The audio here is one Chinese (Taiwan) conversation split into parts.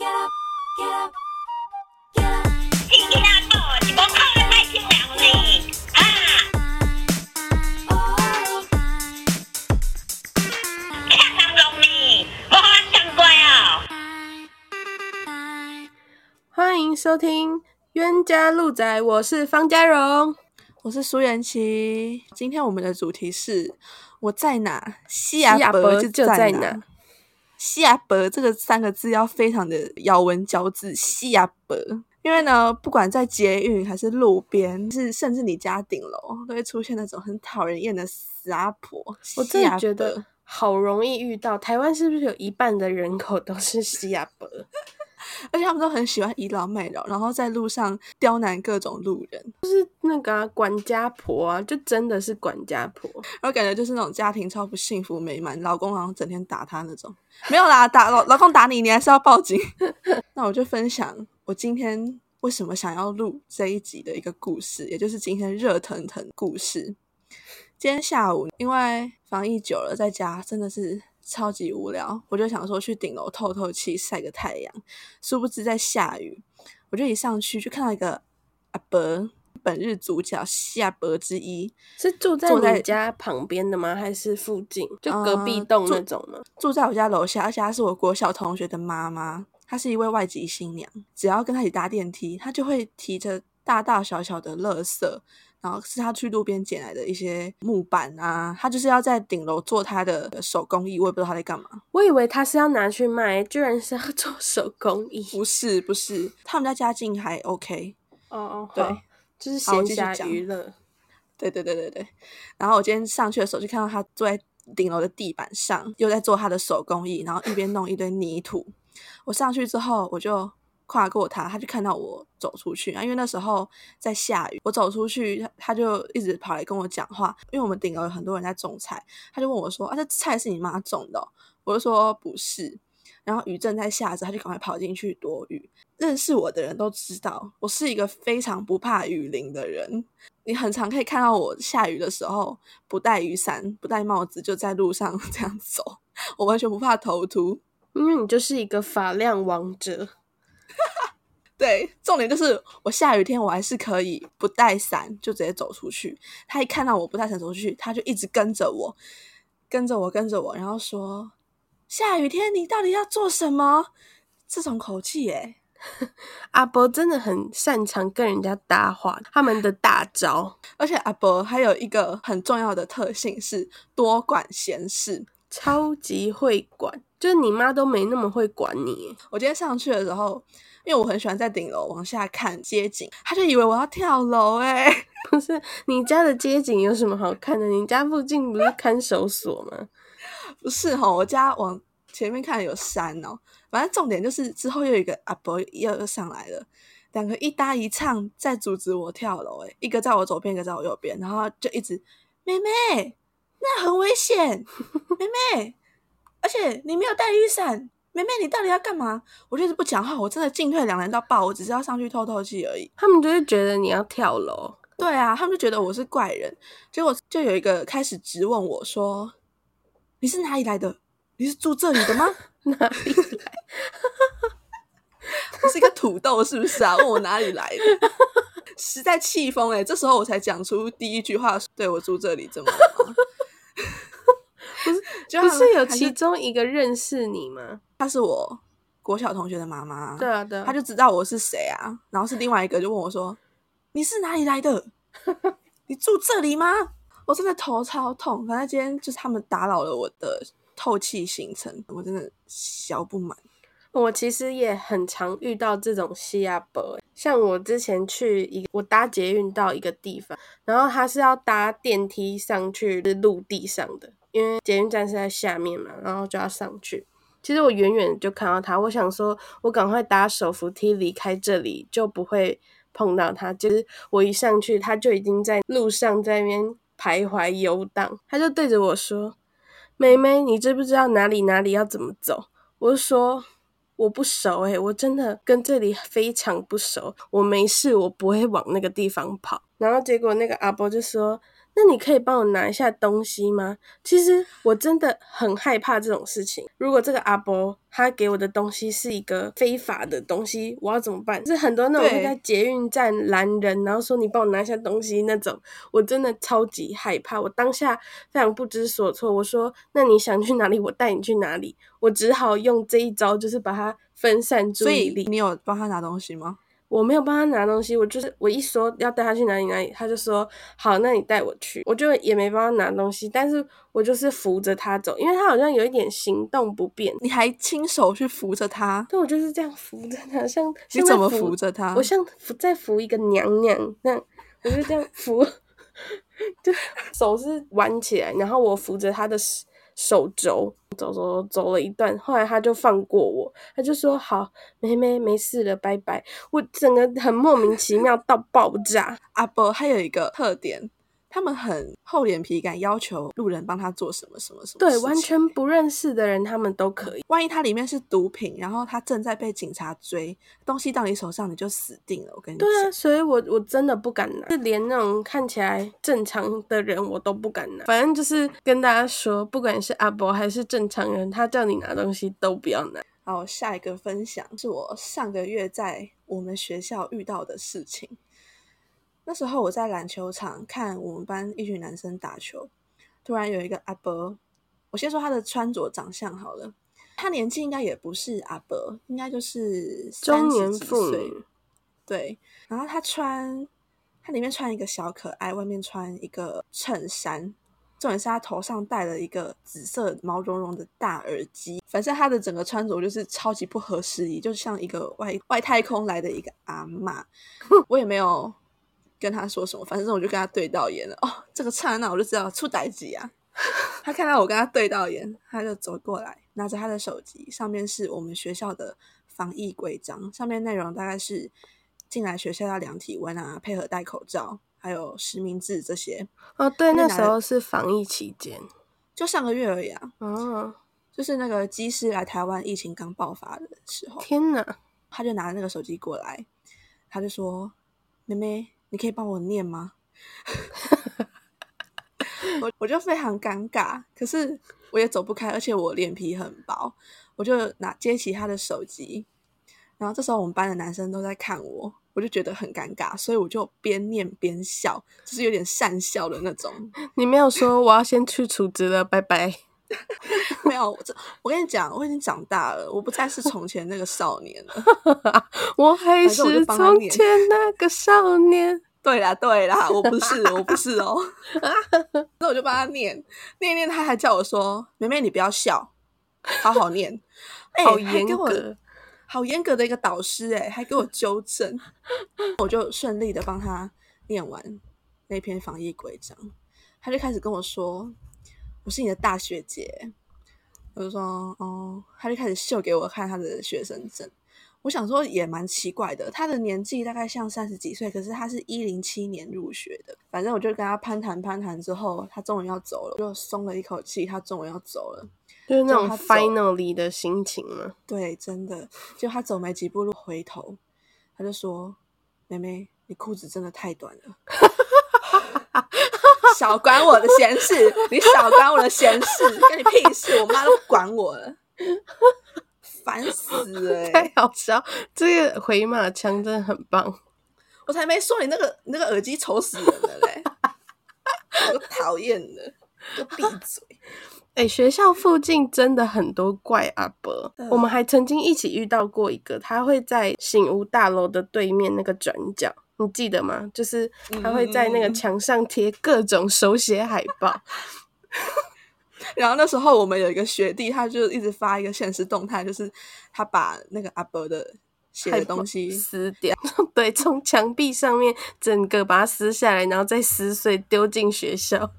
聽，聽、啊聽哦，歡迎收聽《湲家路窄》，我是放假榮，我是蘇湲淇。今天我們的主題是我在哪，死阿婆就在哪。死阿婆這個三個字要非常的咬文嚼字，死阿婆，因為呢，不管在捷運還是路邊，甚至你家頂樓，都會出現那種很討人厭的死阿婆。我真的覺得好容易遇到，台灣是不是有一半的人口都是死阿婆？ 而且他們都很喜歡倚老賣老，然後在路上刁難各種路人，就是那個、啊、管家婆啊，就真的是管家婆，我感覺就是那種家庭超不幸福美滿，老公好像整天打她那種。沒有啦，打老老公打你，你還是要報警。 那我就分享我今天為什麼想要錄這一集的一個故事，也就是今天熱騰騰故事。今天下午因為防疫久了，在家真的是。超級無聊，我就想說去頂樓透透氣、曬個太陽，殊不知在下雨。我就一上去就看到一個阿婆，本日主角下婆之一，是住在我家旁邊的嗎？還是附近？就隔壁棟那種嗎？呃，住、住在我家樓下，而且她是我國小同學的媽媽，她是一位外籍新娘。只要跟她一起搭電梯，她就會提着大大小小的垃圾。然後是他去路邊撿來的一些木板啊，他就是要在頂樓做他的手工藝，我也不知道他在幹嘛。我以為他是要拿去賣，居然是要做手工藝。不是不是，他們家家境還 OK oh, oh, 對。哦哦，對，就是閒暇娛樂。對對對對對。然後我今天上去的時候，就看到他坐在頂樓的地板上，又在做他的手工藝，然後一邊弄一堆泥土。我上去之後，我就。跨過他，他就看到我走出去啊，因為那時候在下雨，我走出去，他就一直跑來跟我講話。因為我們頂樓有很多人在種菜，他就問我說：“啊，這菜是你媽種的哦？”我就說：“不是。”然後雨正在下着，他就趕快跑進去躲雨。認識我的人都知道，我是一個非常不怕雨淋的人。你很常可以看到我下雨的時候不帶雨傘、不戴帽子就在路上這樣走，我完全不怕頭禿，因為你就是一個髮量王者。對，重點就是我下雨天我還是可以不帶傘就直接走出去。他一看到我不帶傘出去，他就一直跟着我，跟着我，跟着我，然後說：“下雨天你到底要做什麼？”這種口氣，欸，耶，阿伯真的很擅長跟人家搭話，他們的大招。而且阿伯還有一個很重要的特性是多管閒事。超級會管，就是你媽都沒那麼會管你。我今天上去的時候，因為我很喜歡在頂樓往下看街景，她就以為我要跳樓誒、欸、不是，你家的街景有什麼好看的？你家附近不是看守所嗎？ 不是哈、哦，我家往前面看有山哦。反正重點就是之後又有一個阿婆又又上來了，兩個一搭一唱在阻止我跳樓誒、欸、一個在我左邊，一個在我右邊，然後就一直妹妹。那很危險，妹妹， 而且你沒有帶雨傘，妹妹，你到底要幹嘛？我就是不講話，我真的進退兩難到爆，我只是要上去透透氣而已。他們就是覺得你要跳樓，對啊，他們就覺得我是怪人。結果就有一個開始質問我說：“你是哪裡來的？你是住這裡的嗎？ 哪裡來？我 是一個土豆，是不是啊？問我哪裡來的？實在氣瘋欸！這時候我才講出第一句話：“對，我住這裡，怎麼好？ 不是，不是有其中一個認識你嗎？是他是我國小同學的媽媽，對啊，對啊，對，他就知道我是誰啊。然後是另外一個就問我說：“你是哪裡來的？ 你住這裡嗎？”我真的頭超痛，反正今天就是他們打擾了我的透氣行程，我真的小不滿。我其實也很常遇到這種死阿婆，像我之前去一個我搭捷運到一個地方，然後他是要搭電梯上去，是陸地上的，因為捷運站是在下面嘛，然後就要上去。其實我遠遠就看到他，我想說我趕快搭手扶梯離開這裡，就不會碰到他。其實我一上去，他就已經在路上在那邊徘徊遊蕩，他就對着我說：“妹妹，你知不知道哪裡哪裡要怎麼走？”我就說。我不熟哎、欸，我真的跟這裡非常不熟。我沒事，我不會往那個地方跑。然後結果那個阿伯就說。那你可以幫我拿一下東西嗎？其實我真的很害怕這種事情。如果這個阿伯他給我的東西是一個非法的東西，我要怎麼辦？就是很多那種會在捷運站攔人，對然後說你幫我拿一下東西那種，我真的超級害怕。我當下非常不知所措。我說：“那你想去哪裡，我帶你去哪裡。”我只好用這一招，就是把它分散注意力。你有幫他拿東西嗎？我沒有幫他拿東西，我就是我一說要帶他去哪裡哪裡，他就說好，那你帶我去，我就也沒幫他拿東西，但是我就是扶着他走，因為他好像有一點行動不便，你還親手去扶着他。對，我就是這樣扶着他，像，像在扶，你怎麼扶着他？我像扶在扶一個娘娘那樣，我就這樣扶， 就手是挽起來，然後我扶着他的手肘走走走了一段，後來他就放過我，他就說好，沒沒沒事了，拜拜。我整個很莫名其妙到爆炸。阿婆， 還有一個特點。他們很厚臉皮，敢要求路人幫他做什麼什麼什麼。對，完全不認識的人，他們都可以。萬一他裡面是毒品，然後他正在被警察追，東西到你手上，你就死定了。我跟你講。對啊，所以我我真的不敢拿，是連那種看起來正常的人，我都不敢拿。反正就是跟大家說，不管你是阿伯還是正常人，他叫你拿東西都不要拿。好，下一個分享是我上個月在我們學校遇到的事情。那時候我在籃球場看我們班一群男生打球，突然有一個阿伯，我先說他的穿着長相好了，他年紀應該也不是阿伯，應該就是三十幾歲，對。然後他穿他裡面穿一個小可愛，外面穿一個襯衫，重點是他頭上戴了一個紫色毛茸茸的大耳機。反正他的整個穿着就是超級不合時宜，就是像一個外外太空來的一個阿嬤。我也沒有。跟他說什麼，反正我就跟他對到眼了。哦，這個剎那我就知道出代誌啊！ 他看到我跟他對到眼，他就走過來，拿着他的手機，上面是我們學校的防疫規章，上面內容大概是進來學校要量體溫啊，配合戴口罩，還有實名制這些。哦，對，那時候是防疫期間，就上個月而已。啊。嗯、哦，就是那個機師來台灣，疫情剛爆發的時候。天哪！他就拿着那個手機過來，他就說：“妹妹。”你可以幫我念嗎？我 我就非常尷尬，可是我也走不開，而且我臉皮很薄，我就拿接起他的手機，然後這時候我們班的男生都在看我，我就覺得很尷尬，所以我就邊念邊笑，就是有點訕笑的那種。你沒有說我要先去處置了，拜拜。 沒有，我這我跟你講，我已經長大了，我不再是從前那個少年了。 我還是從前那個少年。 對啦，對啦，我不是，我不是哦、喔。那 我就幫他念，念念他還叫我說：“妹妹，你不要笑，好好念。”好嚴格，好嚴格的一個導師、欸，哎，還給我糾正。 我就順利的幫他念完那篇防疫規章，他就開始跟我說。我是你的大學姐，我就說哦，他就開始秀給我看他的學生證。我想說也蠻奇怪的，他的年紀大概像三十幾歲，可是他是一零七年入學的。反正我就跟他攀談攀談之後，他終於要走了，就鬆了一口氣。他終於要走了，就是那種他 finally 的心情嘛。對，真的，就他走沒幾步路，回頭他就說：“妹妹，你褲子真的太短了。” 少 管我的閒事！你少管我的閒事，跟你屁事！我媽都管我了，煩死了、欸！太好笑，這個回馬槍真的很棒。我才沒說你那個那個耳機醜死人了嘞、欸，好討厭的，就閉嘴。哎、欸，學校附近真的很多怪阿伯，對我們還曾經一起遇到過一個，他會在醒吾大樓的對面那個轉角，你記得嗎？就是他會在那個牆上貼各種手寫海報。嗯嗯 然後那時候我們有一個學弟，他就一直發一個現實動態，就是他把那個阿伯的寫的東西撕掉， 對，從牆壁上面整個把它撕下來，然後再撕碎丟進學校。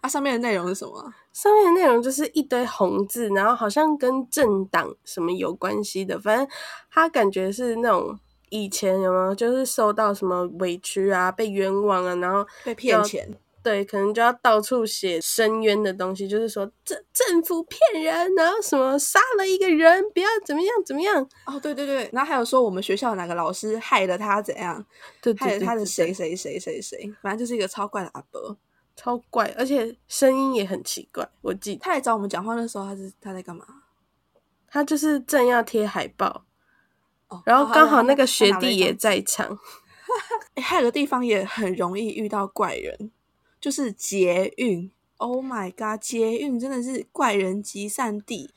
它、啊、上面的內容是什麼？上面的內容就是一堆紅字，然後好像跟政黨什麼有關係的，反正他感覺是那種以前有沒有就是受到什麼委屈啊，被冤枉啊，然後被騙錢，對，可能就要到處寫申冤的東西，就是說這政府騙人，然後什麼殺了一個人，不要怎麼樣怎麼樣哦，對對對，然後還有說我們學校哪個老師害了他怎樣，對，對，對，對，對，對，害了他的誰誰誰誰誰，反正就是一個超怪的阿伯。超怪，而且聲音也很奇怪。我記，他來找我們講話的時候，他是他在幹嘛？他就是正要貼海報，哦、然後剛好那個學弟也在場。還、哦 欸、有個地方也很容易遇到怪人，就是捷運。Oh my god，捷運真的是怪人集散地。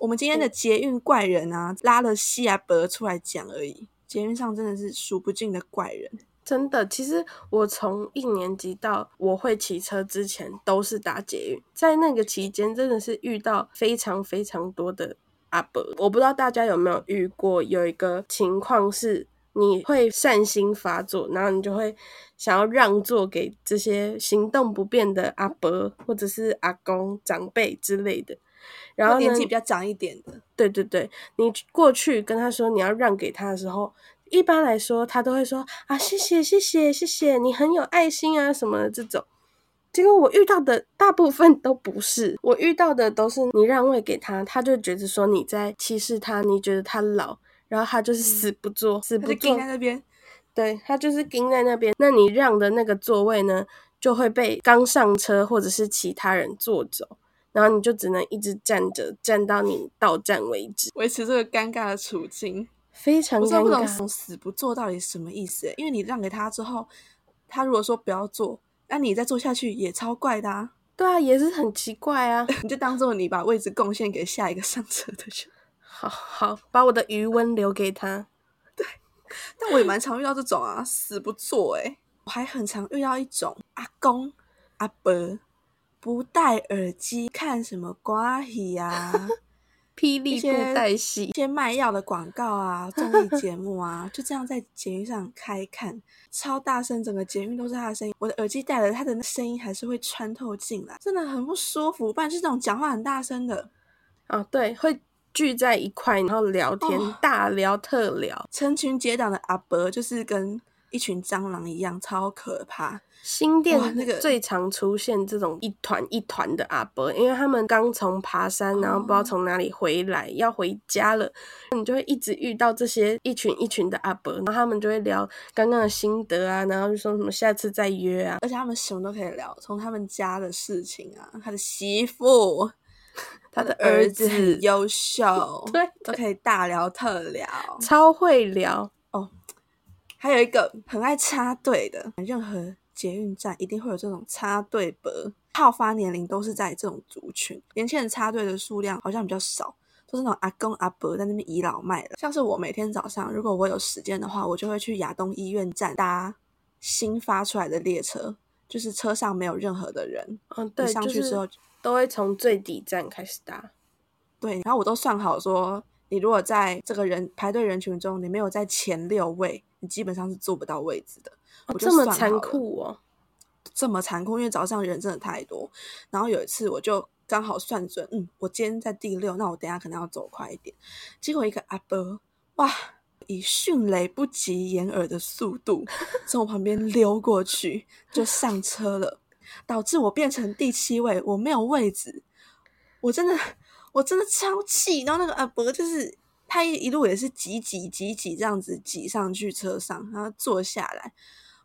我們今天的捷運怪人啊，嗯、拉了西雅伯出來講而已。捷運上真的是數不盡的怪人。真的，其實我從一年級到我會騎車之前，都是搭捷運。在那個期間，真的是遇到非常非常多的阿伯。我不知道大家有沒有遇過，有一個情況是，你會善心發作，然後你就會想要讓座給這些行動不便的阿伯或者是阿公長輩之類的。然後年紀比較長一點的，對對對，你過去跟他說你要讓給他的時候。一般來說，他都會說啊，謝謝，謝謝，謝謝你很有愛心啊什麼的這種。結果我遇到的大部分都不是，我遇到的都是你讓位給他，他就覺得說你在歧視他，你覺得他老，然後他就是死不坐，嗯、死不坐。他就在那邊，對他就是盯在那邊。那你讓的那個座位呢，就會被剛上車或者是其他人坐走，然後你就只能一直站着，站到你到站為止，維持這個尷尬的處境。非常。我真不懂，死不做到底什麼意思？欸，因為你讓給他之後，他如果說不要做，那你再坐下去也超怪的啊。對啊，也是很奇怪啊。 你就當做你把位置貢獻給下一個上車的人。好好，把我的余溫留給他。 對。但我也蠻常遇到這種啊，死不坐誒、欸、 我還很常遇到一種阿公阿伯不戴耳機看什麼瓜皮呀、啊。 霹靂布袋戲、一些賣藥的廣告啊、綜藝節目啊， 就這樣在捷運上開看，超大聲，整個捷運都是他的聲音。我的耳機戴了，他的聲音還是會穿透進來，真的很不舒服。不然是這種講話很大聲的，啊、哦，對，會聚在一塊，然後聊天大聊特聊，哦、成群結黨的阿伯就是跟。一群蟑螂一樣，超可怕。新店那個那最常出現這種一團一團的阿伯，因為他們剛從爬山，然後不知道從哪裡回來，哦、要回家了，你就會一直遇到這些一群一群的阿伯，然後他們就會聊剛剛的心得啊，然後就說什麼下次再約啊，而且他們什麼都可以聊，從他們家的事情啊，他的媳婦，他的兒子優秀，對，對，都可以大聊特聊，超會聊。還有一個很愛插隊的，任何捷運站一定會有這種插隊伯，好發年齡都是在這種族群，年輕人插隊的數量好像比較少，都是那種阿公阿伯在那邊倚老賣老。像是我每天早上，如果我有時間的話，我就會去亞東醫院站搭新發出來的列車，就是車上沒有任何的人，嗯、啊，對，上去之後都會從最底站開始搭，對，然後我都算好說。你如果在這個人排隊人群中，你沒有在前六位，你基本上是坐不到位置的。哦、啊啊，這麼殘酷哦！這麼殘酷，因為早上人真的太多。然後有一次，我就剛好算準，嗯，我今天在第六，那我等下可能要走快一點。結果一個阿伯，哇，以迅雷不及掩耳的速度從我旁邊溜過去， 就上車了，導致我變成第七位，我沒有位置。我真的。我真的超氣，然後那個阿伯就是他一一路也是擠擠擠擠擠這樣子擠上去車上，然後坐下來，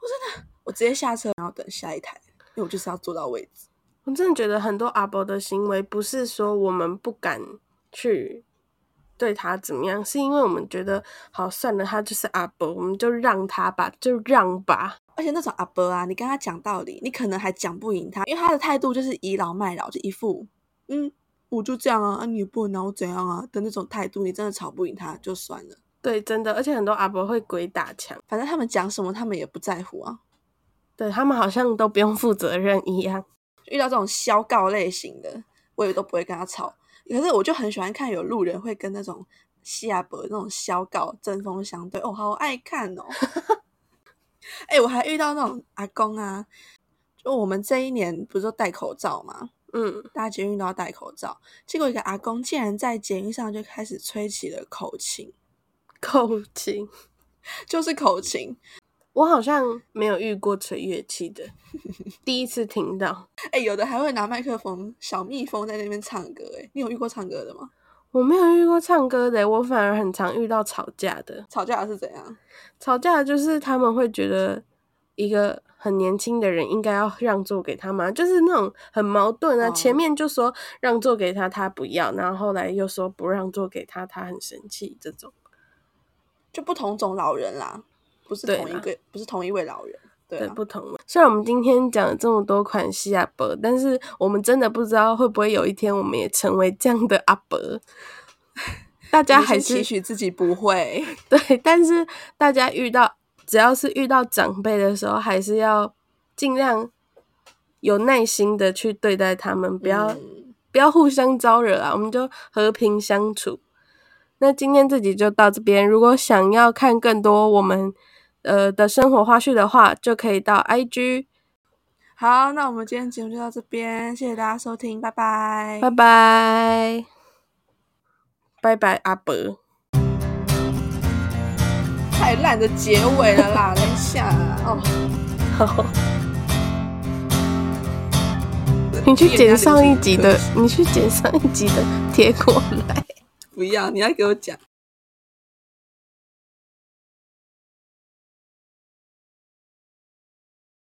我真的我直接下車，然後等下一台，因為我就是要坐到位置。我真的覺得很多阿伯的行為不是說我們不敢去對他怎麼樣，是因為我們覺得好算了，他就是阿伯，我們就讓他吧，就讓吧。而且那種阿伯啊，你跟他講道理，你可能還講不贏他，因為他的態度就是倚老賣老，就一副嗯。我就這樣啊，啊你不能拿我怎樣啊的那種態度，你真的吵不贏他就算了。對，真的，而且很多阿伯會鬼打牆，反正他們講什麼他們也不在乎啊。對他們好像都不用負責任一樣、啊。遇到這種消告類型的，我也都不會跟他吵。 可是我就很喜歡看有路人會跟那種死阿伯那種消告針鋒相對，哦，好愛看哦。哎、 欸，我還遇到那種阿公啊，就我們這一年不是說戴口罩嘛嗯，大家捷運都要戴口罩，結果一個阿公竟然在捷運上就開始吹起了口琴，口琴 就是口琴，我好像沒有遇過吹樂器的， 第一次聽到，哎、欸，有的還會拿麥克風，小蜜蜂在那邊唱歌、欸，哎，你有遇過唱歌的嗎？我沒有遇過唱歌的、欸，我反而很常遇到吵架的，吵架是怎樣？吵架就是他們會覺得一個。很年輕的人應該要讓座給他嗎？就是那種很矛盾啊。Oh. 前面就說讓座給他，他不要；然後後來又說不讓座給他，他很生氣。這種就不同種老人啦，不是同一個，啦不是同一位老人，對，對，不同。雖然我們今天講了這麼多款死阿婆，但是我們真的不知道會不會有一天我們也成為這樣的阿婆。 大家還是也是期許自己不會，對，但是大家遇到。只要是遇到長輩的時候，還是要盡量有耐心的去對待他們，不要、嗯、不要互相招惹啊，我們就和平相處。那今天這集就到這邊，如果想要看更多我們呃的生活花絮的話，就可以到 IG。好，那我們今天節目就到這邊，謝謝大家收聽，拜拜，拜拜，拜拜阿伯。太爛的結尾了啦！ 等一下啦哦，好 你去剪上一集的， 你去剪上一集的貼過來。不要，你要給我講。